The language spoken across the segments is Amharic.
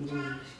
嗯。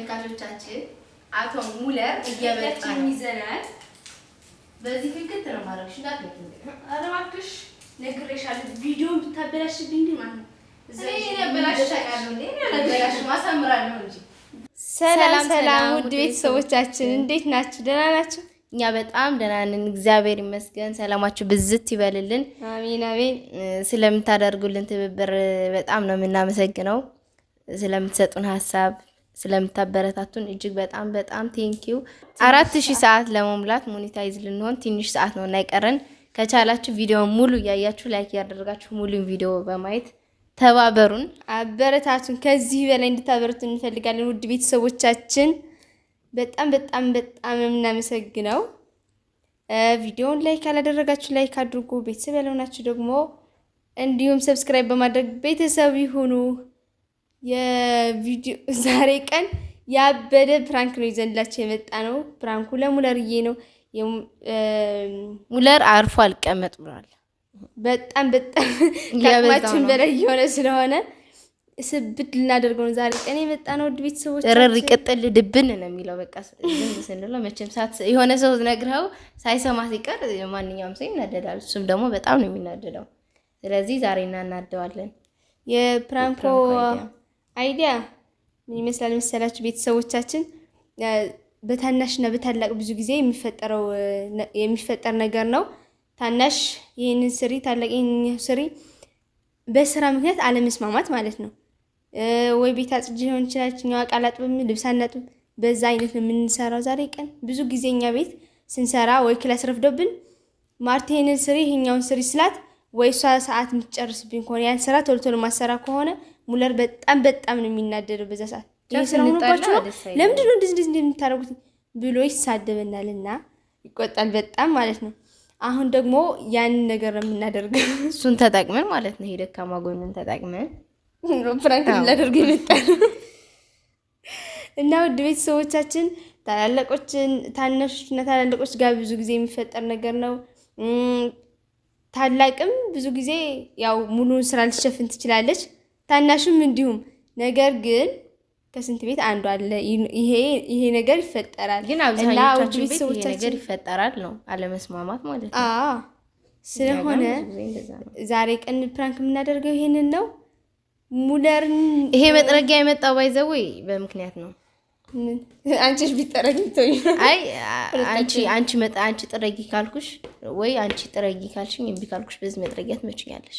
ተመልካቾቻችን አቶ ሙለር እየመጣን ይዘናል። በዚህ ፍቅት ነው ማረክሽ እንዳት ነው ኧረ እባክሽ ነግሬሻለሁ። ቪዲዮን ብታበላሽብኝ ግን ማለት ነው ሰላም ሰላም፣ ውድ ቤተሰቦቻችን እንዴት ናችሁ? ደህና ናችሁ? እኛ በጣም ደህና ነን፣ እግዚአብሔር ይመስገን። ሰላማችሁ ብዝት ይበልልን። አሜን አሜን። ስለምታደርጉልን ትብብር በጣም ነው የምናመሰግነው፣ ስለምትሰጡን ሀሳብ ስለምታበረታቱን እጅግ በጣም በጣም ቴንኪዩ። አራት ሺህ ሰዓት ለመሙላት ሞኔታይዝ ልንሆን ትንሽ ሰዓት ነው እናይቀረን። ከቻላችሁ ቪዲዮ ሙሉ እያያችሁ ላይክ እያደረጋችሁ ሙሉን ቪዲዮ በማየት ተባበሩን፣ አበረታቱን። ከዚህ በላይ እንድታበረቱ እንፈልጋለን። ውድ ቤተሰቦቻችን በጣም በጣም በጣም የምናመሰግነው ቪዲዮውን ላይክ ያላደረጋችሁ ላይክ አድርጉ። ቤተሰብ ያልሆናችሁ ደግሞ እንዲሁም ሰብስክራይብ በማድረግ ቤተሰብ ይሁኑ። የቪዲዮ ዛሬ ቀን ያበደ ፕራንክ ነው ይዘንላቸው የመጣ ነው። ፕራንኩ ለሙለርዬ ነው። ሙለር አርፎ አልቀመጥ ብሏል። በጣም በጣም ከአቅማችን በላይ የሆነ ስለሆነ ስብድ ልናደርገው ነው ዛሬ ቀን የመጣ ነው። ውድ ቤተሰቦች ረር ይቀጥል ድብን ነው የሚለው በቃ ስንለ መቼም ሳት የሆነ ሰው ነግረኸው ሳይሰማ ሲቀር ማንኛውም ሰው ይናደዳል። እሱም ደግሞ በጣም ነው የሚናደደው። ስለዚህ ዛሬ እናናደዋለን የፕራንኮ አይዲያ ምን ይመስላል መሰላችሁ ቤተሰቦቻችን በታናሽና በታላቅ ብዙ ጊዜ የሚፈጠረው የሚፈጠር ነገር ነው። ታናሽ ይህንን ስሪ፣ ታላቅ ይህንን ስሪ፣ በስራ ምክንያት አለመስማማት ማለት ነው። ወይ ቤት አጽጅ ሊሆን ይችላል፣ ችኛዋ ዕቃ ላጥብም፣ ልብስ አናጥብም። በዛ አይነት ነው የምንሰራው። ዛሬ ቀን ብዙ ጊዜ እኛ ቤት ስንሰራ ወይ ክላስ ረፍዶብን ማርቲ ይህንን ስሪ፣ ይህኛውን ስሪ ስላት ወይ እሷ ሰዓት የምትጨርስብኝ ከሆነ ያን ስራ ቶሎ ቶሎ ማሰራ ከሆነ ሙለር በጣም በጣም ነው የሚናደደው በዛ ሰዓት። ይህ ነው ለምንድን ነው እንደዚህ እንደዚህ እንደምታደርጉት ብሎ ይሳደበናል እና ይቆጣል በጣም ማለት ነው። አሁን ደግሞ ያንን ነገር ነው የምናደርገው እሱን ተጠቅመን ማለት ነው። የደካማ ጎንን ተጠቅመን ፍራንክ ላደርግ ይመጣል እና ውድ ቤተሰቦቻችን ታላላቆችን ታናሾች እና ታላላቆች ጋር ብዙ ጊዜ የሚፈጠር ነገር ነው። ታላቅም ብዙ ጊዜ ያው ሙሉን ስራ ልትሸፍን ትችላለች። ታናሹም እንዲሁም። ነገር ግን ከስንት ቤት አንዱ አለ። ይሄ ነገር ይፈጠራል፣ ግን አብዛኛዎቻችን ቤት ይሄ ነገር ይፈጠራል ነው አለመስማማት ማለት ነው። ስለሆነ ዛሬ ቀን ፕራንክ የምናደርገው ይሄንን ነው። ሙለርን ይሄ መጥረጊያ የመጣው ባይዘወይ በምክንያት ነው። አንቺሽ ቢጠረጊ ተይ። አይ አንቺ አንቺ መጣ አንቺ ጥረጊ ካልኩሽ ወይ አንቺ ጥረጊ ካልሽኝ እምቢ ካልኩሽ በዚህ መጥረጊያ ትመችኛለሽ።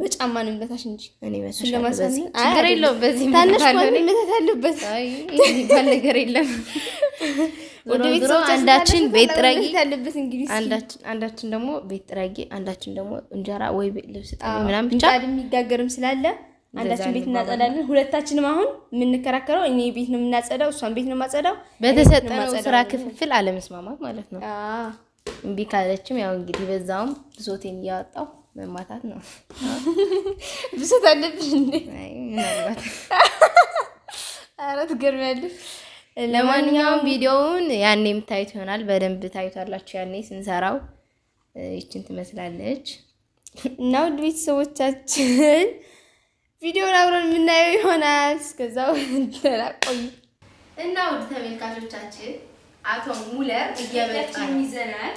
በጫማ ነው የምታሽ እንጂ እኔ ችግር የለውም። በዚህ ታነሽ ነገር የለም። አንዳችን ቤት ጥራጊ አንዳችን ደግሞ ቤት ጥራጊ አንዳችን ደግሞ እንጀራ ወይ ልብስ ጣሚ ምናምን ብቻ የሚጋገርም ስላለ አንዳችን ቤት እናጸዳለን። ሁለታችንም አሁን የምንከራከረው እኔ ቤት ነው የምናጸዳው፣ እሷን ቤት ነው የማጸዳው። በተሰጠነው ስራ ክፍፍል አለመስማማት ማለት ነው። እምቢ ካለችም ያው እንግዲህ በዛውም ብሶቴን እያወጣው መማታት ነው ብሶት አለብሽ እንዴ? ኧረ ትገርሚያለሽ። ለማንኛውም ቪዲዮውን ያኔ የምታዩት ይሆናል። በደንብ ታዩታላችሁ። ያኔ ስንሰራው ይችን ትመስላለች እና ውድ ቤተሰቦቻችን ቪዲዮውን አብረን የምናየው ይሆናል። እስከዛው ቆዩ እና ውድ ተመልካቾቻችን አቶ ሙለር እያመጣ ይዘናል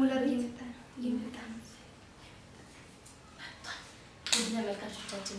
ሙለር ነው እየመጣ ነው። ተመልካቾቻችን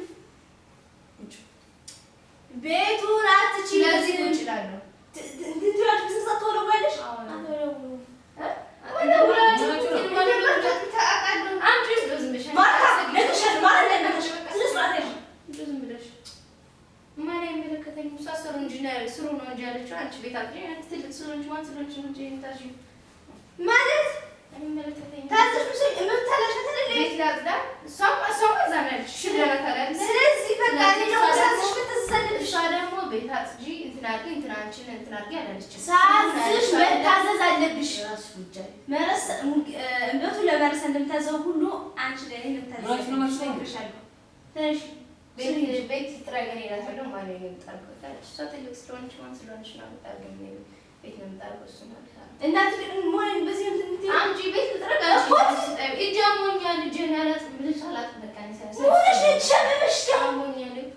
ቤቱን አትችይም። ለዚህ እችላለሁ። ማለት ስለዚህ ወሰን ድርሻ ደግሞ ቤት አጽጂ እንትን አድርጊ እንትን አንቺን እንትን አድርጊ አላለችም። ሳዝሽ መታዘዝ አለብሽ። እንበቱ ለመረስ እንደምታዘው ሁሉ አንቺ ላይ ቤት ጥረገን ይላታል። ማለት እሷ ትልቅ ስለሆነች ማን ስለሆነች ነው ቤት መምጣት እሱ ማለት ነው እና በዚህ አንቺ ቤት ልጥረግ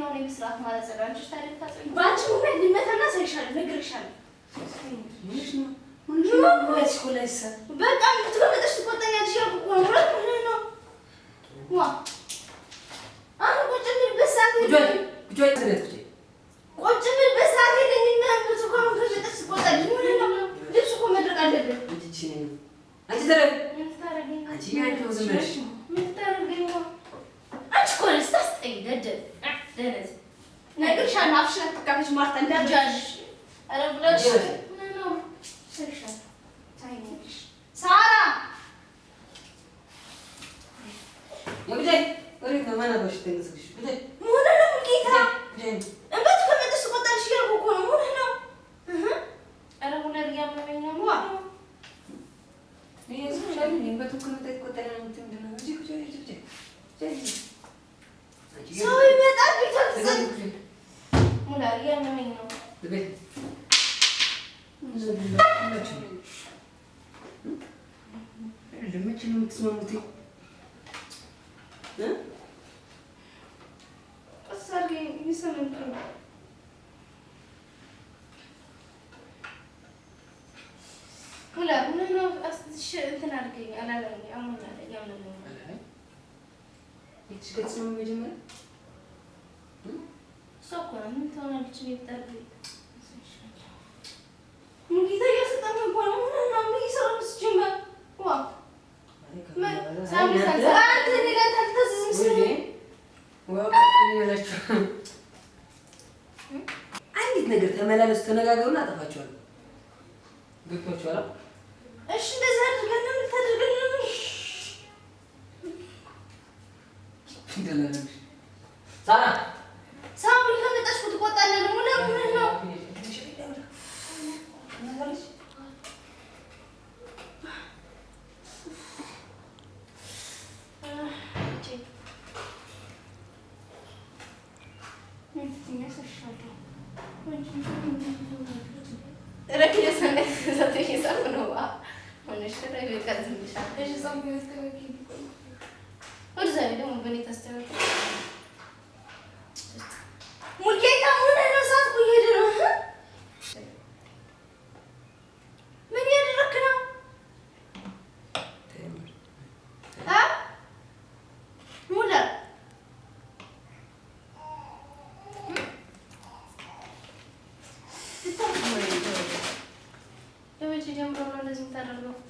ነው እኔ ምስራት ማለት አንቺ ታሪክ jestem tu. ሙላ ምን ነው አስተሽ እንትን አድርገኝ አላለኝ። አሁን አለኝ አሁን ነው ይቺ ገጽ ነው የሚጀምረው። እሷ እኮ ምን ትሆናለች? ቤት ጠርግ ተመላለሱ፣ ተነጋገሩና አጠፋቸዋለሁ። ገብቷቸዋል? እሺ፣ እንደዛ አድርገን ነው ሳራ 打扰了。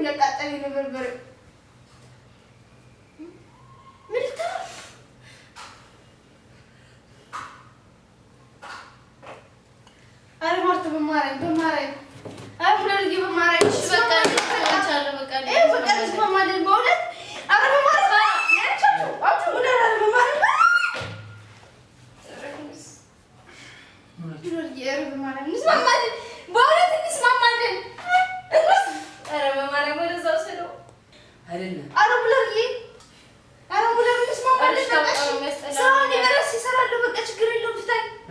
እያቃጠለ ነበር። ኧረ ማርታ በማርያም በማርያም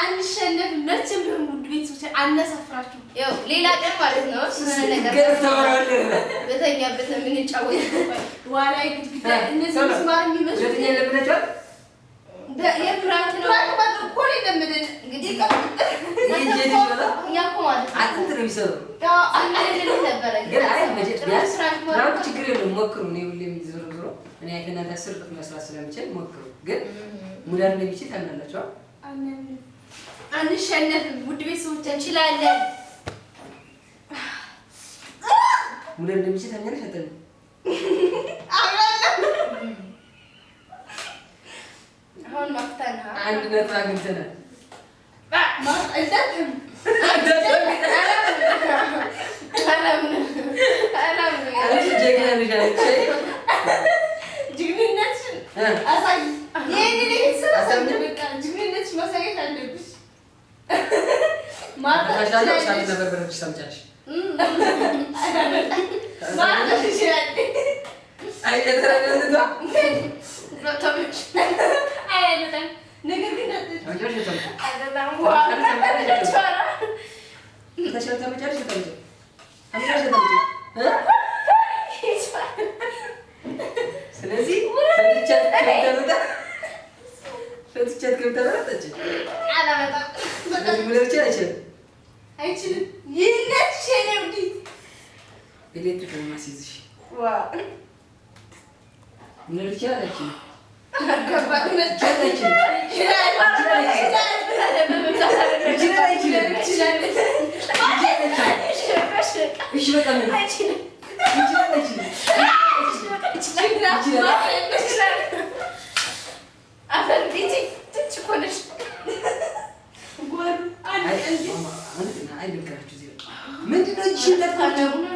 አንሸነፍ መቼም ቢሆን ውድ ቤተሰቦች አናሳፍራችሁም። ሌላ ቀን ማለት ነው በተኛበት የምንጫወት ዋላይ እነዚህ ምስማር የሚመስሉት የፕራንክ ነው እኮ ነው እንግዲህ እኛ እኮ ማለት ነው ነበረ ሁሌም ነው ሞክሩ። እኔ ሁሌም ዞሮ ዞሮ እኔ ያለናት አስር ጥፍ መስራት ስለምችል ሞክሩ። ግን ሙዳር እንደሚችል ታምናላችኋል? አንሸነፍም። ውድ ቤተሰቦች እንችላለን። ሙዳር እንደሚችል ታምናለሽ? አጠን አሁን ማፍታና አንድ ነጥብ አግኝተናል። مرض الدم e, şey. hmm. Ay yeter anne de. Tabii. Ay anne de. ነገር ግን ስለዚህ ፈትቻት ገብታ ተረጠች። ብለብቻ አይችልም ምንድነው?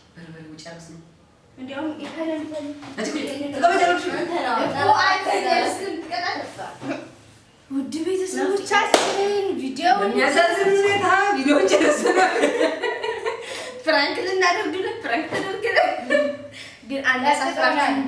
በርበሬ ጨርስ ነው። ውድ ቤተሰቦቻችን ቪዲዮ የሚያሳዝን ሁኔታ ቪዲዮ ጨርስ ነው። ፍራንክ ልናደርግልን ፍራንክ ተደርግልን ግን አናሳፍራችሁ።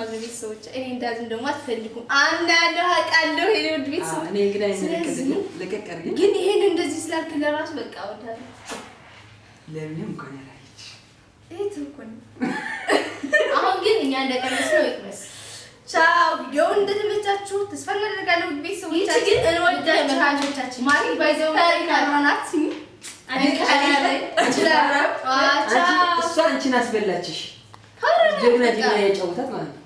አሉ ቤተሰቦች። እኔ እንዳዝም ደግሞ አትፈልጉም። አንዳንዱ አውቃለሁ ይሄ ውድ ቤተሰቦች፣ ግን ይሄን እንደዚህ ስላልክ ለራሱ በቃ ወዳለሁ። ለምን እንኳን ያላለች ይሄ ትንኩን አሁን ግን እኛ እንደቀመስ ነው ይቅመስ። ቻው። ቪዲዮውን እንደተመቻችሁ ተስፋ እናደርጋለሁ ውድ ቤተሰቦቻችን። እንወዳችኋለን ማለት ባይዘው ታሪካናት እሷ አንቺን አስበላችሽ ጀግና ጀግና የጫወታት ማለት ነው።